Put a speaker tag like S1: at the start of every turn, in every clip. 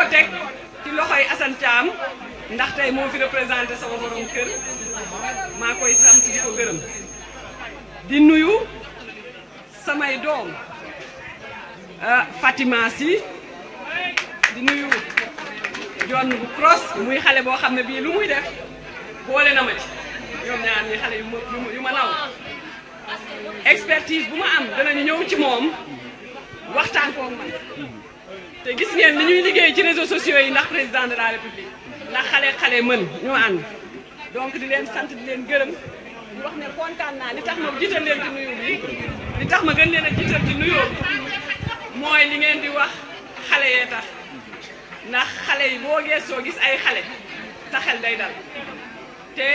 S1: ko teg ci loxoy Assane Thiam ndax tey moo fi représenté sama borom kër maa koy sant di ko gërëm di nuyu samay doom euh, Fatima Sy di nuyu John Cross muy xale boo xam ne bii lu muy def boole na ma ci ñoom ñaar ñi xale yu ma yu ma naw expertise bu ma am danañu ñëw ci moom waxtaan koog man te gis ngeen li ñuy liggéey ci réseau sociaux yi ndax président de la république
S2: ndax xale xale mën ñu ànd
S1: donc di leen sant di leen gërëm di wax ne kontaan naa li tax ma jiital leen ci nuyoo bi li tax ma gën leen a jiital ci nuyoo mooy li ngeen di wax xale yee tax ndax xale yi boo soo gis ay xale sa xel day dal te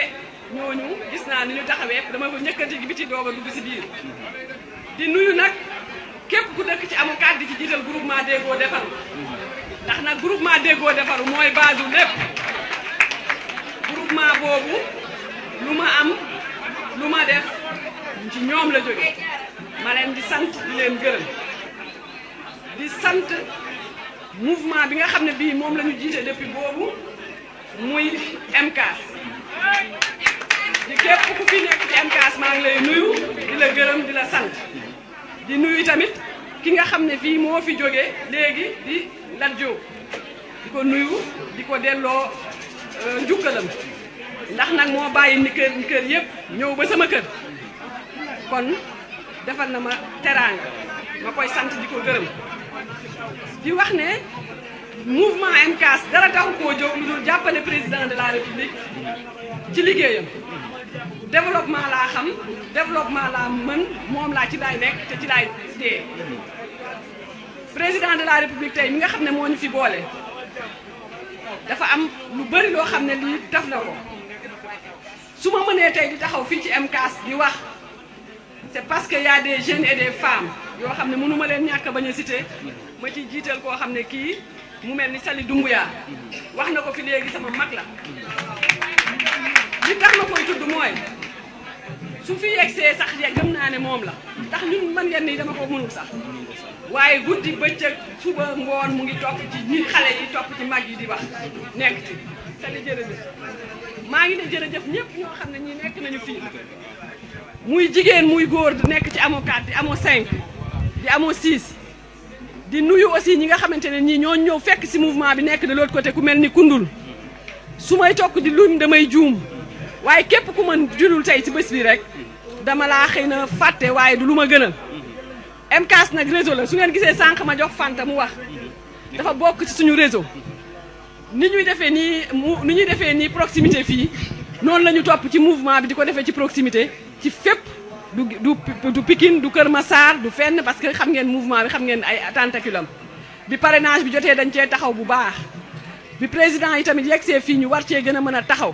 S1: ñooñu gis naa ni ñu taxawee dama ko njëkkante bi ci doog a dugg si biir di nuyu nag képp ku dëkk ci amul kàddu ci jiital groupement déggoo defaru ndax nag groupement déggoo defaru mooy base u lépp groupement boobu lu ma am lu ma def ci ñoom la jóge ma leen di sant di leen gërëm di sant mouvement bi nga xam ne bii moom lañu ñu jiite depuis boobu muy MCAS di képp ku fi nekk ci MCAS maa ngi lay nuyu di la gërëm di la sant di nuyu tamit ki nga xam ne fii moo fi jógee léegi di Lat Diop di ko nuyu di ko delloo euh, njukkalam ndax nag moo bàyyi ni kër kër yëpp ñëw ba sama kër kon defal na ma teraanga ma koy sant di ko gërëm di wax ne mouvement MCAS dara taxu koo jóg lu dul jàppale président de la république ci liggéeyam développement laa xam développement laa mën moom laa ci laay nekk te ci laay dee président de la république tey mi nga xam ne moo ñu fi boole dafa am lu bëri loo xam ne lii def na ko su ma mënee tey di taxaw fii ci am MCAS di wax c'est parce que y a des jeunes et des femmes yoo xam ne mënuma leen ñàkk bañ a cité ma ci jiital koo xam ne kii mu mel ni Sali Doumbouya wax na ko fi léegi sama mag la li tax ma koy tudd mooy su fi yegsee sax ya gëm naa ne moom la ndax ñun man ngeen ni dama ko mënul sax waaye guddi bëccëg suba ngoon mu ngi topp ci ñi xale yi topp ci mag yi di wax nekk ci tali jërëjëf maa ngi ne jërëjëf ñëpp ñoo xam ne ñi nekk nañu fii muy jigéen muy góor di nekk ci amoo 4 di amoo cinq di amoo 6 di nuyu aussi ñi nga xamante ne ñii ñoo ñëw fekk si mouvement bi nekk de l'autre côté ku mel ni kundul su may tokk di luum damay juum waaye képp ku mën judul tey ci bés bi rek dama laa xëy na fàtte waaye du lu ma gënal MCAS nag réseau la su ngeen gisee sànq ma jox Fanta mu wax dafa bokk ci suñu réseau ni ñuy defee nii mu ni ñuy defee nii proximité fii noonu la ñu topp ci mouvement bi di ko defee ci proximité ci fépp du du du du Kër Massar du fenn parce que xam ngeen mouvement bi xam ngeen ay tentaculam bi parenage bi jotee dañ cee taxaw bu baax bi président yi tamit yegg see fii ñu war cee gën a mën a taxaw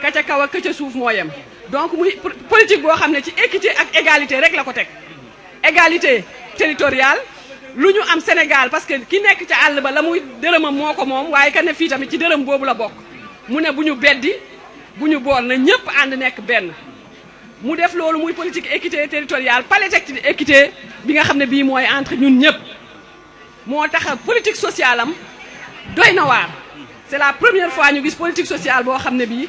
S1: kacha kawa kacha ak ka suuf donc politique bo xamné ci équité ak égalité rek la ko égalité territoriale luñu am Sénégal parce que ki nek ci all ba lamuy deureum moko mom waye ka ne fi tamit ci deureum bobu la bok. mu ne buñu ñu beddi bu ñu na ñepp and nek ben mu def lolu muy politique équité territoriale palette équité bi nga xamné bi moy entre ñun ñepp mo tax politique sociale am doy na c'est la première fois ñu gis politique sociale bo xamné bi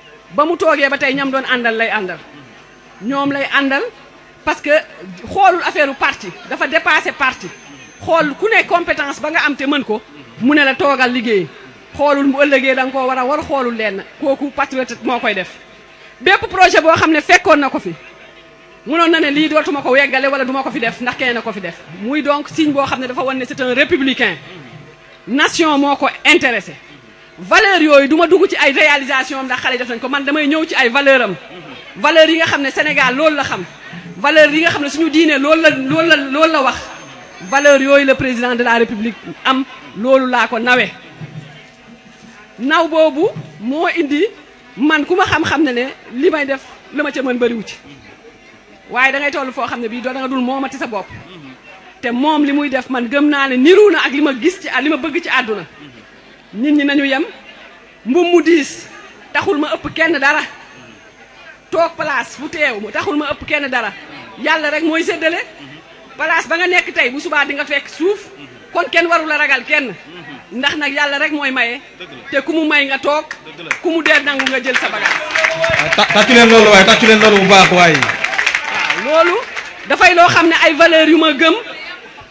S1: ba mu toogee ba tey ñam doon àndal lay àndal ñoom lay àndal parce que xoolul affaire parti dafa dépassé parti xool ku ne compétence ba nga am te mën ko mu ne la toogal liggéey xoolul mu ëllëgee da nga koo war a war xoolul leen kooku patriote moo koy def bépp projet boo xam ne fekkoon na ko fi mënoon na ne lii dootuma ko weggale wala duma ko fi def ndax kenn na ko fi def muy donc signe boo xam ne dafa wan ne c'est un républicain nation moo ko intéressé valeur yooyu duma dugg ci ay réalisation ndax xale def nañ ko man damay ñëw ci ay valeur am valeur yi nga xam ne Sénégal loolu la xam valeur yi nga xam ne suñu diine loolu la loolu la loolu la wax valeur yooyu la président de la république am loolu laa ko nawe naw boobu moo indi man ku ma xam-xam ne ne li may def li ma ca mën bëriwu ci waaye da ngay toll foo xam ne bii doo da nga dul moomati sa bopp te moom li muy def man gëm naa ne niru na ak li ma gis ci li ma bëgg ci àdduna nit ñi nañu yem mbubb mu diis taxul ma ëpp kenn dara toog place fu teew taxul ma ëpp kenn dara yàlla rek mooy séddale place ba nga nekk tey bu subaa di nga fekk suuf kon kenn warul la ragal kenn ndax nag yàlla rek mooy maye te ku mu may nga toog ku mu dee nangu nga jël sa bagage.
S2: tàccu leen loolu waaye tàccu leen loolu bu baax waaye.
S1: loolu dafay loo xam ne ay valeurs yu ma gëm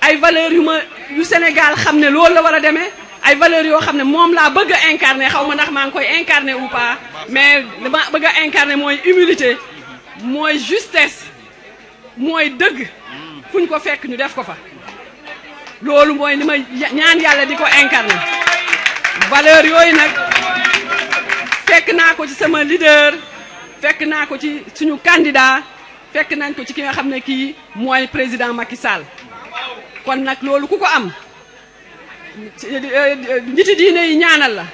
S1: ay valeurs yu ma yu Sénégal xam ne loolu la war a demee. ay valeurs yoo xam ne moom laa bëgg a xaw ma ndax maa ngi koy incarner ou pas mais dama bëgg a mooy humilité mooy justesse mooy dëgg fuñ ko fekk ñu def ko fa loolu mooy li ma ñaan yàlla di ko incarner valeur yooyu nag fekk naa ko ci sama leader fekk naa ko ci suñu candidat fekk nañ ko ci ki nga xam ne kii mooy président Macky Sall kon nag loolu ku ko am niti diine yi ñaanal la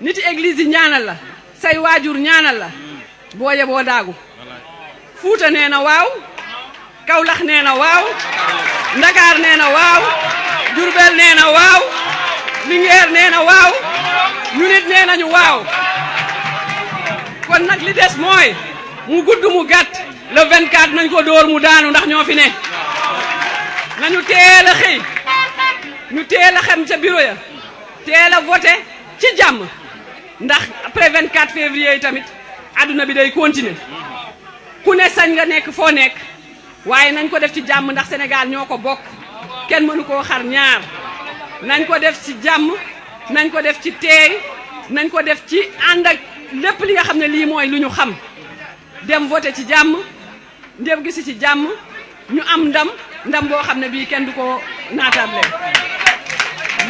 S1: niti église yi ñaanal la say waajur ñaanal la boo yeboo daagu fuuta nee na waaw kawlax nee na waaw ndakaar nee na waaw jurbel nee na waaw lingeer nee na waaw ñu nee nañu waaw kon nag li des mooy mu gudd mu gàtt la 24 nañ ko dóor mu daanu ndax ñoo fi ne nañu teel ñu teel a xam ca bureau ya teel a voté ci jàmm ndax après 24 février yi tamit adduna bi day continuer ku ne sañ nga nekk foo nekk waaye nañ ko def ci jàmm ndax Sénégal ñoo ko bokk kenn mënu koo xar ñaar nañ ko def ci jàmm nañ ko def ci teey nañ ko def ci ànd ak lépp li nga xam ne lii mooy lu ñu xam dem voté ci jàmm ndem gisi ci jàmm ñu am ndam ndam boo xam ne bii kenn du ko naataable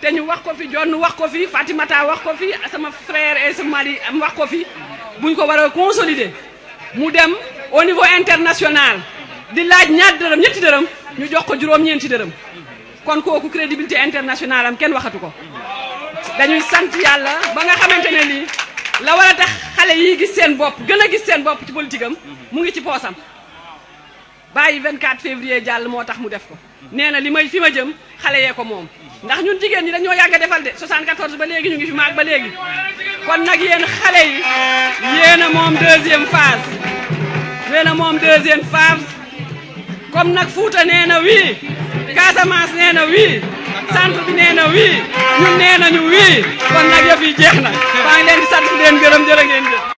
S1: te ñu wax ko fi jonn wax ko fi Fatimata wax ko fi sama frère et sa mari am wax ko fi buñ ko war a consolider mu dem au niveau international di laaj ñaar dërëm ñetti dërëm ñu jox ko juróom-ñeenti dërëm kon kooku crédibilité internationale am kenn waxatu ko
S2: dañuy sant yàlla
S1: ba nga xamante ne lii la war a tax xale yi gis seen bopp gën a gis seen bopp ci politique am mu ngi ci poosam bàyyi 24 février jàll moo tax mu def ko nee na li may fi ma jëm xale yee ko moom ndax ñun jigéen ñi dañoo yàgg a defal de 74 ba léegi ñu ngi fi maag ba léegi kon nag yéen xale yi yéen a moom deuxième phase yéen a moom deuxième phase comme nag Fuuta nee na wii Casamance nee na wii centre bi nee na wii ñun nee nañu wii kon nag yëf jeex na maa ngi leen di sant di leen gërëm jërë ngeen jëf